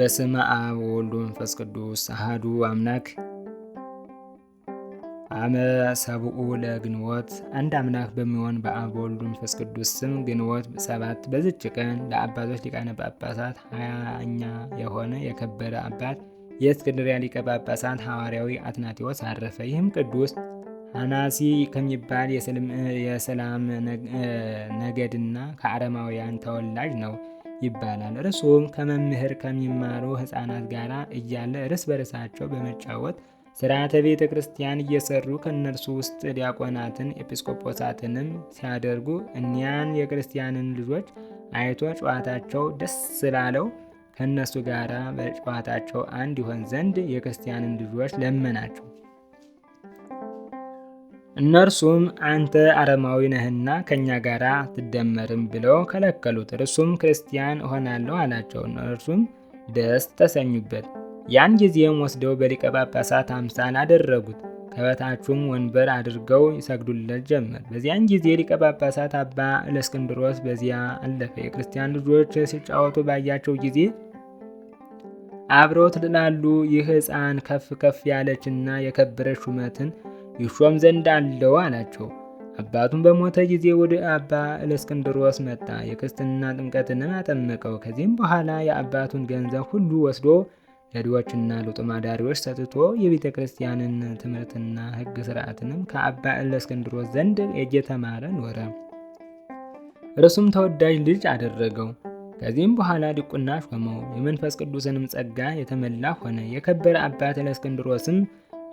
በስመ አብ ወወልድ ወመንፈስ ቅዱስ አሐዱ አምላክ። አመ ሰብኡ ለግንቦት አንድ አምላክ በሚሆን በአብ በወልድ በመንፈስ ቅዱስ ስም ግንቦት ሰባት በዝች ቀን ለአባቶች ሊቃነ ጳጳሳት ሀያኛ የሆነ የከበረ አባት የእስክንድርያ ሊቀ ጳጳሳት ሐዋርያዊ አትናቴዎስ አረፈ። ይህም ቅዱስ አናሲ ከሚባል የሰላም ነገድና ከአረማውያን ተወላጅ ነው። ይባላል። እርሱም ከመምህር ከሚማሩ ሕፃናት ጋር እያለ እርስ በርሳቸው በመጫወት ስርዓተ ቤተ ክርስቲያን እየሰሩ ከእነርሱ ውስጥ ዲያቆናትን ኤጲስቆጶሳትንም ሲያደርጉ እኒያን የክርስቲያንን ልጆች አይቶ ጨዋታቸው ደስ ስላለው ከእነሱ ጋር በጨዋታቸው አንድ ይሆን ዘንድ የክርስቲያንን ልጆች ለመናቸው። እነርሱም አንተ አረማዊ ነህና ከእኛ ጋር አትደመርም ብለው ከለከሉት። እርሱም ክርስቲያን እሆናለሁ አላቸው። እነርሱም ደስ ተሰኙበት። ያን ጊዜም ወስደው በሊቀ ጳጳሳት አምሳል አደረጉት። ከበታቹም ወንበር አድርገው ይሰግዱለት ጀመር። በዚያን ጊዜ ሊቀ ጳጳሳት አባ እለእስክንድሮስ በዚያ አለፈ። የክርስቲያን ልጆች ሲጫወቱ ባያቸው ጊዜ አብረውት ላሉ ይህ ሕፃን ከፍ ከፍ ያለችና የከበረች ሹመትን ይሾም ዘንድ አለው አላቸው። አባቱም በሞተ ጊዜ ወደ አባ እለእስክንድሮስ መጣ። የክርስትና ጥምቀትንም አጠመቀው። ከዚህም በኋላ የአባቱን ገንዘብ ሁሉ ወስዶ ለድዎችና ለጦም አዳሪዎች ሰጥቶ የቤተ ክርስቲያንን ትምህርትና ሕግ ስርዓትንም ከአባ እለእስክንድሮስ ዘንድ እየተማረ ኖረ። እርሱም ተወዳጅ ልጅ አደረገው። ከዚህም በኋላ ድቁና ሾመው። የመንፈስ ቅዱስንም ጸጋ የተመላ ሆነ። የከበረ አባት እለእስክንድሮስም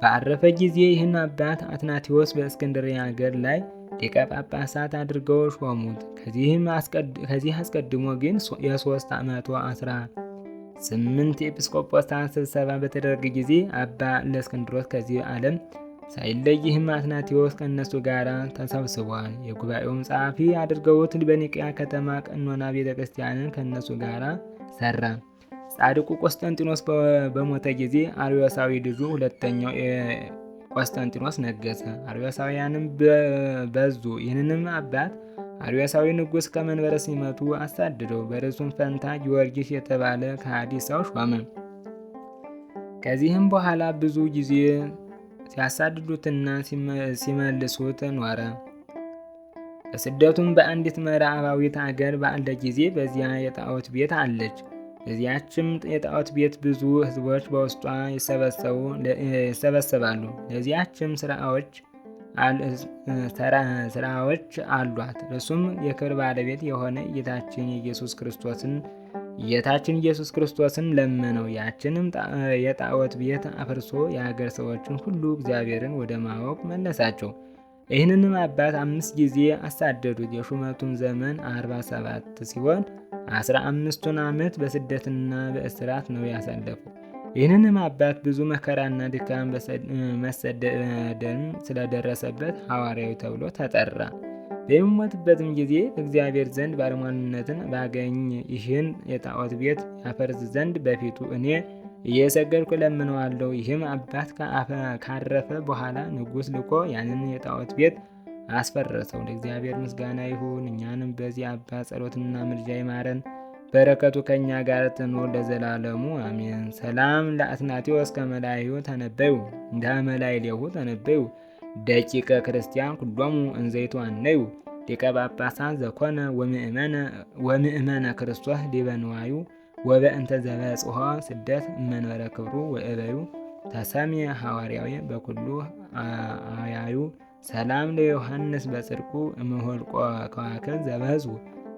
በአረፈ ጊዜ ይህን አባት አትናቴዎስ በእስክንድርያ ሀገር ላይ ሊቀ ጳጳሳት አድርገው ሾሙት። ከዚህ አስቀድሞ ግን የሶስት ዓመቱ አስራ ስምንት የኤጲስቆጶሳት ስብሰባ በተደረገ ጊዜ አባ ለእስክንድሮስ ከዚህ ዓለም ሳይለይህም አትናቴዎስ ከእነሱ ጋር ተሰብስቧል። የጉባኤውም ጸሐፊ አድርገውት በኒቅያ ከተማ ቀኖና ቤተ ክርስቲያንን ከእነሱ ጋር ሰራ። ጻድቁ ቆስጠንጢኖስ በሞተ ጊዜ አርዮሳዊ ልጁ ሁለተኛው ቆስጠንጢኖስ ነገሰ። አርዮሳውያንም በዙ። ይህንንም አባት አርዮሳዊ ንጉሥ ከመንበረ ሲመቱ አሳድደው በርሱም ፈንታ ጊዮርጊስ የተባለ ከሃዲ ሰው ሾመ። ከዚህም በኋላ ብዙ ጊዜ ሲያሳድዱትና ሲመልሱት ኖረ። በስደቱም በአንዲት ምዕራባዊት አገር ባለ ጊዜ በዚያ የጣዖት ቤት አለች። በዚያችም የጣዖት ቤት ብዙ ህዝቦች በውስጧ ይሰበሰባሉ። ለዚያችም ስራዎች አሏት። እርሱም የክብር ባለቤት የሆነ ጌታችን የኢየሱስ ክርስቶስን ጌታችን ኢየሱስ ክርስቶስን ለመነው። ያችንም የጣዖት ቤት አፍርሶ የሀገር ሰዎችን ሁሉ እግዚአብሔርን ወደ ማወቅ መለሳቸው። ይህንንም አባት አምስት ጊዜ አሳደዱት። የሹመቱም ዘመን አርባ ሰባት ሲሆን አስራ አምስቱን ዓመት በስደትና በእስራት ነው ያሳለፉ። ይህንንም አባት ብዙ መከራና ድካም መሰደደን ስለደረሰበት ሐዋርያዊ ተብሎ ተጠራ። በሚሞትበትም ጊዜ እግዚአብሔር ዘንድ ባለሟልነትን ባገኝ ይህን የጣዖት ቤት ያፈርስ ዘንድ በፊቱ እኔ እየሰገድኩ ለምነዋለሁ። ይህም አባት ካረፈ በኋላ ንጉሥ ልኮ ያንን የጣዖት ቤት አስፈረሰው። ለእግዚአብሔር ምስጋና ይሁን፣ እኛንም በዚህ አባ ጸሎትና ምልጃ ይማረን፣ በረከቱ ከእኛ ጋር ትኖር ለዘላለሙ አሜን። ሰላም ለአትናቴዎስ ከመላዩ ተነበዩ እንደ መላይ ሌሁ ተነበዩ ደቂቀ ክርስቲያን ኩሎሙ እንዘይቷን ነዩ ሊቀ ዘኮነ ወምእመነ ክርስቶስ ሊበንዋዩ ወበእንተ ዘበጽሖ ስደት እመንበረ ክብሩ ወእበዩ ተሰሜ ሐዋርያዊ በኩሉ አያዩ ሰላም ለዮሐንስ በጽድቁ እምሆልቆ ከዋክን ዘበህዝቡ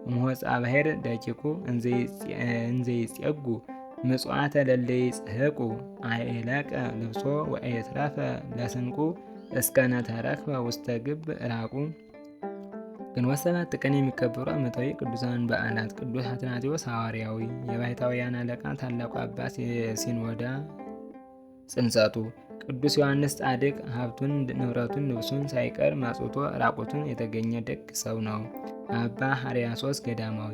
እምሆፃ ባሕር ደቂቁ እንዘይጸጉ ምጽዋተ ለለይ ጽሕቁ አኤለቀ ልብሶ ወኤትረፈ ለስንቁ እስከ ነተረክበ ውስተ ግብ ራቁ። ግንቦት ሰባት ቀን የሚከበሩ ዓመታዊ ቅዱሳን በዓላት፦ ቅዱስ አትናቴዎስ ሐዋርያዊ የባሕታውያን አለቃ፣ ታላቁ አባ ሲኖዳ ጽንሰቱ ቅዱስ ዮሐንስ ጻድቅ ሀብቱን፣ ንብረቱን፣ ልብሱን ሳይቀር ማጽቶ ራቁቱን የተገኘ ደግ ሰው ነው። አባ ሕርያቆስ ገዳማዊ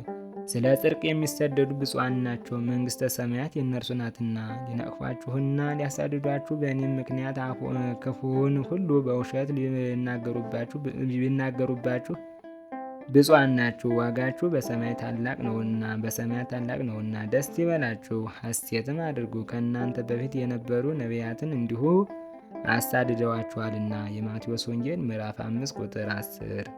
ስለ ጽድቅ የሚሰደዱ ብፁዓን ናቸው፣ መንግሥተ ሰማያት የእነርሱ ናትና። ሊነቅፏችሁና ሊያሳድዷችሁ በእኔም ምክንያት ክፉውን ሁሉ በውሸት ቢናገሩባችሁ ብፁዓን ናችሁ፣ ዋጋችሁ በሰማይ ታላቅ ነውና በሰማይ ታላቅ ነውና ደስ ይበላችሁ፣ ሐሴትም አድርጉ። ከእናንተ በፊት የነበሩ ነቢያትን እንዲሁ አሳድደዋችኋልና። የማቴዎስ ወንጌል ምዕራፍ 5 ቁጥር 10።